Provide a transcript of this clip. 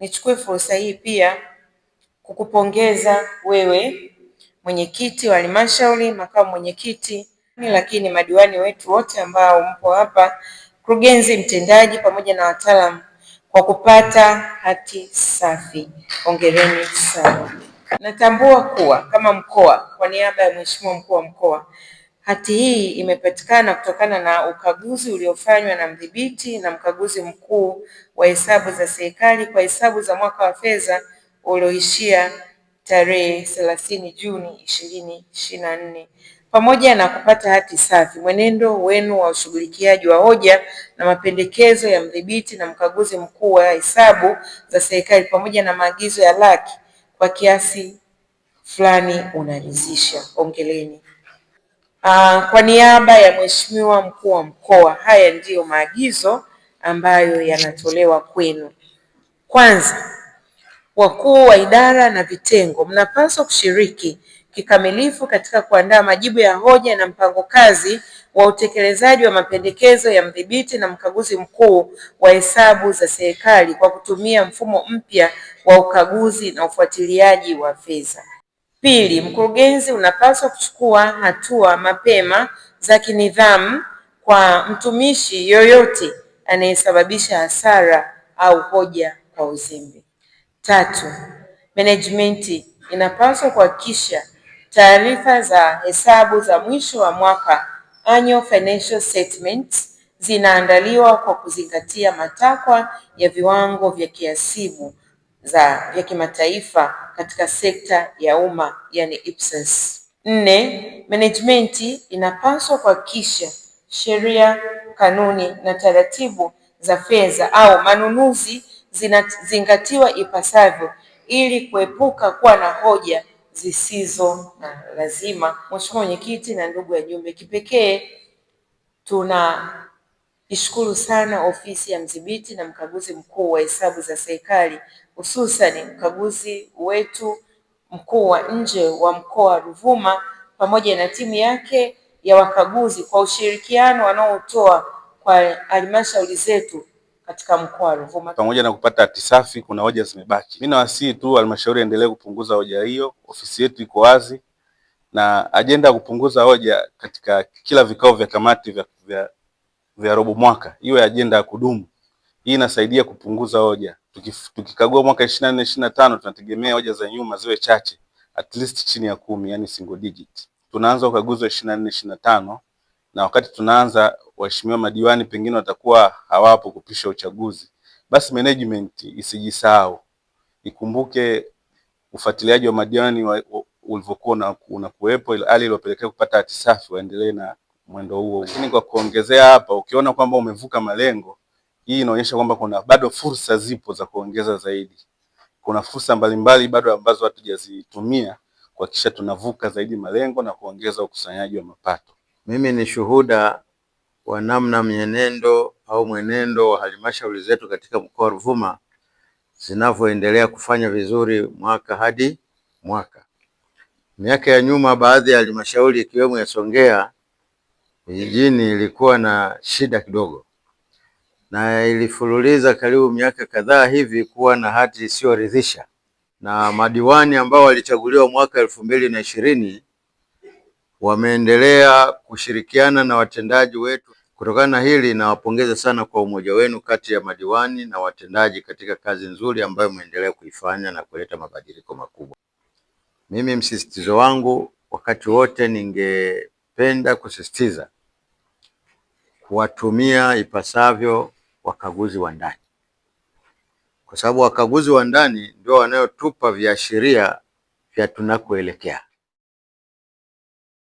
nichukue fursa hii pia kukupongeza wewe mwenyekiti wa halmashauri, makamu mwenyekiti, lakini madiwani wetu wote ambao mpo hapa, mkurugenzi mtendaji pamoja na wataalamu kwa kupata hati safi. Hongereni sana. Natambua kuwa kama mkoa, kwa niaba ya Mheshimiwa Mkuu wa Mkoa Hati hii imepatikana kutokana na ukaguzi uliofanywa na mdhibiti na mkaguzi mkuu wa hesabu za serikali kwa hesabu za mwaka wa fedha ulioishia tarehe thelathini Juni ishirini nne. Pamoja na kupata hati safi, mwenendo wenu wa ushughulikiaji wa hoja na mapendekezo ya mdhibiti na mkaguzi mkuu wa hesabu za serikali pamoja na maagizo ya laki kwa kiasi fulani unaridhisha. ongeleni Uh, kwa niaba ya Mheshimiwa Mkuu wa Mkoa, haya ndiyo maagizo ambayo yanatolewa kwenu. Kwanza, wakuu wa idara na vitengo mnapaswa kushiriki kikamilifu katika kuandaa majibu ya hoja na mpango kazi wa utekelezaji wa mapendekezo ya mdhibiti na mkaguzi mkuu wa hesabu za serikali kwa kutumia mfumo mpya wa ukaguzi na ufuatiliaji wa fedha. Pili, mkurugenzi unapaswa kuchukua hatua mapema za kinidhamu kwa mtumishi yoyote anayesababisha hasara au hoja kwa uzembe. Tatu, management inapaswa kuhakikisha taarifa za hesabu za mwisho wa mwaka annual financial statements zinaandaliwa kwa kuzingatia matakwa ya viwango vya kiasibu za vya kimataifa katika sekta ya umma yani IPSAS. Nne, management inapaswa kuhakikisha sheria, kanuni na taratibu za fedha au manunuzi zinazingatiwa ipasavyo ili kuepuka kuwa na hoja zisizo na lazima. Mheshimiwa Mwenyekiti na ndugu wajumbe, kipekee tuna nishukuru sana Ofisi ya Mdhibiti na Mkaguzi Mkuu wa Hesabu za Serikali, hususani mkaguzi wetu mkuu wa nje wa mkoa wa Ruvuma pamoja na timu yake ya wakaguzi kwa ushirikiano wanaotoa kwa halmashauri zetu katika mkoa wa Ruvuma. Pamoja na kupata hati safi, kuna hoja zimebaki. Mimi nawasihi tu halmashauri endelee kupunguza hoja hiyo. Ofisi yetu iko wazi na ajenda ya kupunguza hoja katika kila vikao vya kamati vya, vya vya robo mwaka, iwe ajenda ya kudumu. Hii inasaidia kupunguza hoja. Tukikagua mwaka 24 25 tunategemea hoja za nyuma ziwe chache, at least chini ya kumi, yani single digit. Tunaanza ukaguzi wa 24 25 na wakati tunaanza waheshimiwa madiwani pengine watakuwa hawapo kupisha uchaguzi. Basi management isijisahau, ikumbuke ufuatiliaji wa madiwani ulivyokuwa unakuwepo, hali iliyopelekea kupata hati safi, waendelee na mwendo huo. Lakini kwa kuongezea hapa, ukiona kwamba umevuka malengo, hii inaonyesha kwamba kuna bado fursa zipo za kuongeza zaidi. Kuna fursa mbalimbali bado ambazo hatujazitumia kuhakikisha tunavuka zaidi malengo na kuongeza ukusanyaji wa mapato. Mimi ni shuhuda wa namna mwenendo au mwenendo wa halmashauri zetu katika mkoa wa Ruvuma zinavyoendelea kufanya vizuri mwaka hadi mwaka. Miaka ya nyuma, baadhi ya halmashauri ikiwemo ya Songea vijijini ilikuwa na shida kidogo, na ilifululiza karibu miaka kadhaa hivi kuwa na hati isiyoridhisha, na madiwani ambao walichaguliwa mwaka elfu mbili na ishirini wameendelea kushirikiana na watendaji wetu. Kutokana na hili, nawapongeza sana kwa umoja wenu kati ya madiwani na watendaji katika kazi nzuri ambayo mmeendelea kuifanya na kuleta mabadiliko makubwa. Mimi msisitizo wangu wakati wote, ningependa kusisitiza kuwatumia ipasavyo wakaguzi wa ndani, kwa sababu wakaguzi wa ndani ndio wanayotupa viashiria vya tunakoelekea.